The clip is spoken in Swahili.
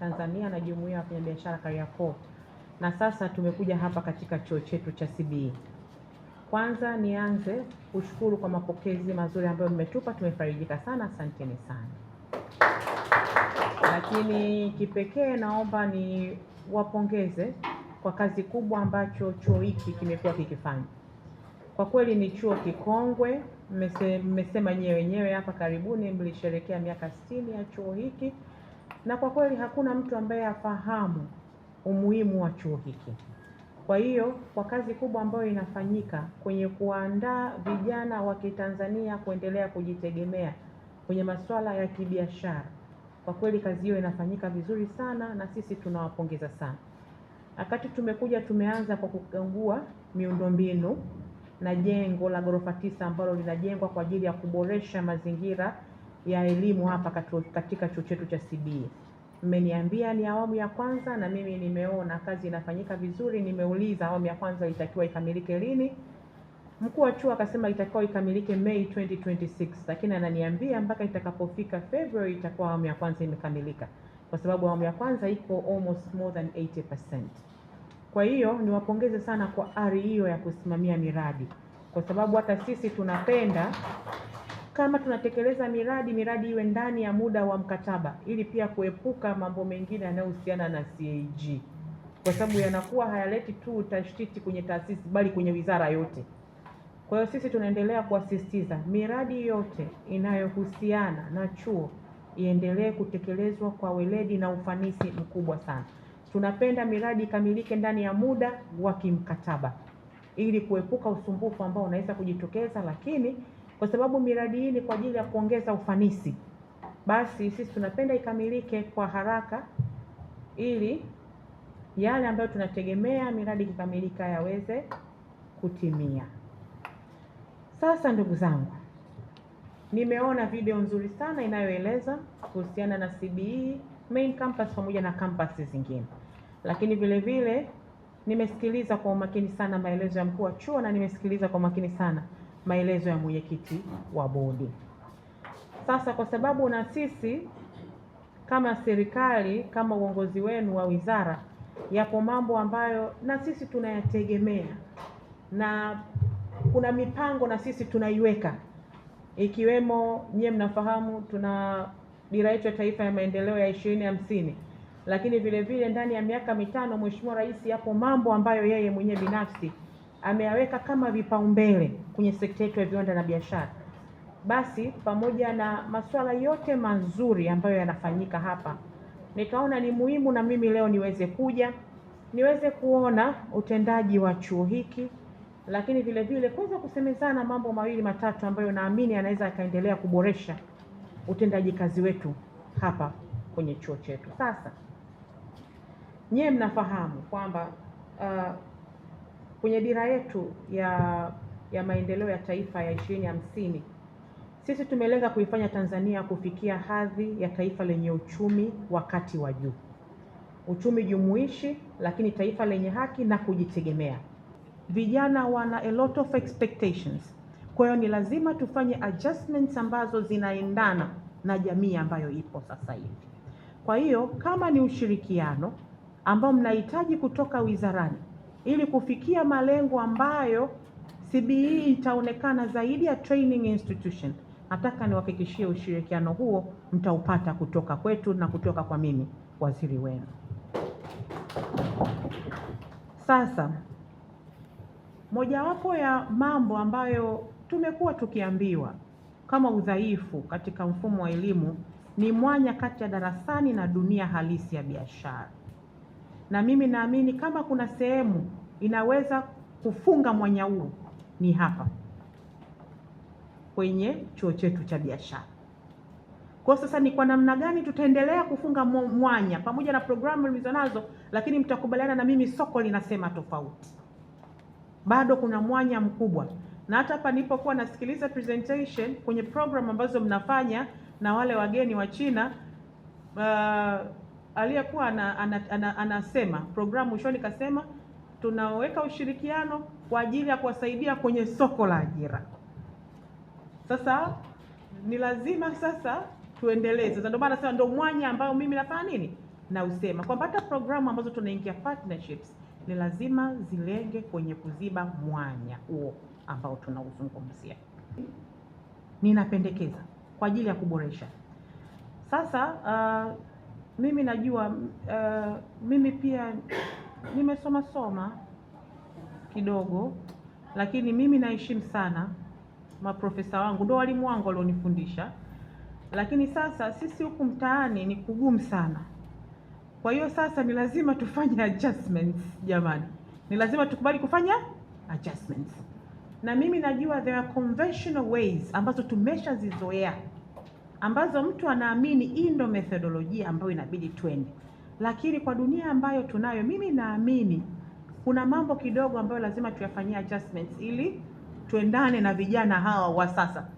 Tanzania na Jumuiya ya Wafanyabiashara Kariakoo, na sasa tumekuja hapa katika chuo chetu cha CBE. Kwanza nianze kushukuru kwa mapokezi mazuri ambayo mmetupa, tumefarijika sana, asanteni sana. Lakini kipekee naomba ni wapongeze kwa kazi kubwa ambacho chuo hiki kimekuwa kikifanya. Kwa kweli ni chuo kikongwe, mmesema nyewe wenyewe hapa karibuni mlisherekea miaka 60 ya chuo hiki na kwa kweli hakuna mtu ambaye afahamu umuhimu wa chuo hiki. Kwa hiyo kwa kazi kubwa ambayo inafanyika kwenye kuandaa vijana wa Kitanzania kuendelea kujitegemea kwenye masuala ya kibiashara, kwa kweli kazi hiyo inafanyika vizuri sana na sisi tunawapongeza sana. Wakati tumekuja tumeanza kwa kugangua miundombinu na jengo la ghorofa tisa ambalo linajengwa kwa ajili ya kuboresha mazingira ya elimu hapa katika chuo chetu cha CBE. Mmeniambia ni awamu ya kwanza, na mimi nimeona kazi inafanyika vizuri. Nimeuliza awamu ya kwanza itakiwa ikamilike lini, mkuu wa chuo akasema itakiwa ikamilike Mei 2026 lakini ananiambia mpaka itakapofika February itakuwa awamu ya kwanza imekamilika, kwa sababu awamu ya kwanza iko almost more than 80%. Kwa hiyo niwapongeze sana kwa ari hiyo ya kusimamia miradi, kwa sababu hata sisi tunapenda kama tunatekeleza miradi, miradi iwe ndani ya muda wa mkataba, ili pia kuepuka mambo mengine yanayohusiana na CAG, kwa sababu yanakuwa hayaleti tu tashtiti kwenye taasisi, bali kwenye wizara yote. Kwa hiyo sisi tunaendelea kuasisitiza miradi yote inayohusiana na chuo iendelee kutekelezwa kwa weledi na ufanisi mkubwa sana. Tunapenda miradi ikamilike ndani ya muda wa kimkataba ili kuepuka usumbufu ambao unaweza kujitokeza, lakini kwa sababu miradi hii ni kwa ajili ya kuongeza ufanisi, basi sisi tunapenda ikamilike kwa haraka ili yale ambayo tunategemea miradi ikikamilika yaweze kutimia. Sasa ndugu zangu, nimeona video nzuri sana inayoeleza kuhusiana na CBE main campus pamoja na kampasi zingine, lakini vile vile nimesikiliza kwa umakini sana maelezo ya mkuu wa chuo na nimesikiliza kwa umakini sana maelezo ya mwenyekiti wa bodi. Sasa kwa sababu na sisi kama serikali, kama uongozi wenu wa wizara, yapo mambo ambayo na sisi tunayategemea na kuna mipango na sisi tunaiweka, ikiwemo nyie mnafahamu tuna dira yetu ya taifa ya maendeleo ya ishirini hamsini, lakini vile vile ndani ya miaka mitano, Mheshimiwa Rais, yapo mambo ambayo yeye mwenyewe binafsi ameyaweka kama vipaumbele kwenye sekta yetu ya viwanda na biashara, basi pamoja na masuala yote mazuri ambayo yanafanyika hapa, nikaona ni muhimu na mimi leo niweze kuja niweze kuona utendaji wa chuo hiki, lakini vile vile kuweza kusemezana mambo mawili matatu ambayo naamini anaweza akaendelea kuboresha utendaji kazi wetu hapa kwenye chuo chetu. Sasa nyie mnafahamu kwamba uh, Kwenye dira yetu ya ya maendeleo ya taifa ya 2050 sisi tumelenga kuifanya Tanzania kufikia hadhi ya taifa lenye uchumi wa kati wa juu, uchumi jumuishi, lakini taifa lenye haki na kujitegemea. Vijana wana a lot of expectations, kwa hiyo ni lazima tufanye adjustments ambazo zinaendana na jamii ambayo ipo sasa hivi. Kwa hiyo kama ni ushirikiano ambao mnahitaji kutoka wizarani ili kufikia malengo ambayo CBE itaonekana zaidi ya training institution. Nataka niwahakikishie ushirikiano huo mtaupata kutoka kwetu na kutoka kwa mimi waziri wenu. Sasa mojawapo ya mambo ambayo tumekuwa tukiambiwa kama udhaifu katika mfumo wa elimu ni mwanya kati ya darasani na dunia halisi ya biashara na mimi naamini kama kuna sehemu inaweza kufunga huo ni hapa kwenye chuo chetu cha biashara. Kwa sasa ni kwa namna gani tutaendelea kufunga mwanya pamoja na programu nazo, lakini mtakubaliana na mimi, soko linasema tofauti. Bado kuna mwanya mkubwa, na hata hapa nilipokuwa nasikiliza presentation kwenye program ambazo mnafanya na wale wageni wa China uh, aliyekuwa ana, ana, ana, anasema programu mwishoni kasema tunaweka ushirikiano kwa ajili ya kuwasaidia kwenye soko la ajira. Sasa ni lazima sasa tuendelee. Sasa ndio maana sasa ndio mwanya ambao mimi nafanya nini na usema kwamba hata programu ambazo tunaingia partnerships ni lazima zilenge kwenye kuziba mwanya huo ambao tunauzungumzia. Ninapendekeza kwa ajili ya kuboresha sasa uh, mimi najua uh, mimi pia nimesoma soma kidogo, lakini mimi naheshimu sana maprofesa wangu, ndio walimu wangu walionifundisha. Lakini sasa sisi huku mtaani ni kugumu sana, kwa hiyo sasa ni lazima tufanye adjustments jamani, ni lazima tukubali kufanya adjustments. Na mimi najua there are conventional ways ambazo tumeshazizoea ambazo mtu anaamini hii ndo methodolojia ambayo inabidi twende, lakini kwa dunia ambayo tunayo, mimi naamini kuna mambo kidogo ambayo lazima tuyafanyie adjustments ili tuendane na vijana hawa wa sasa.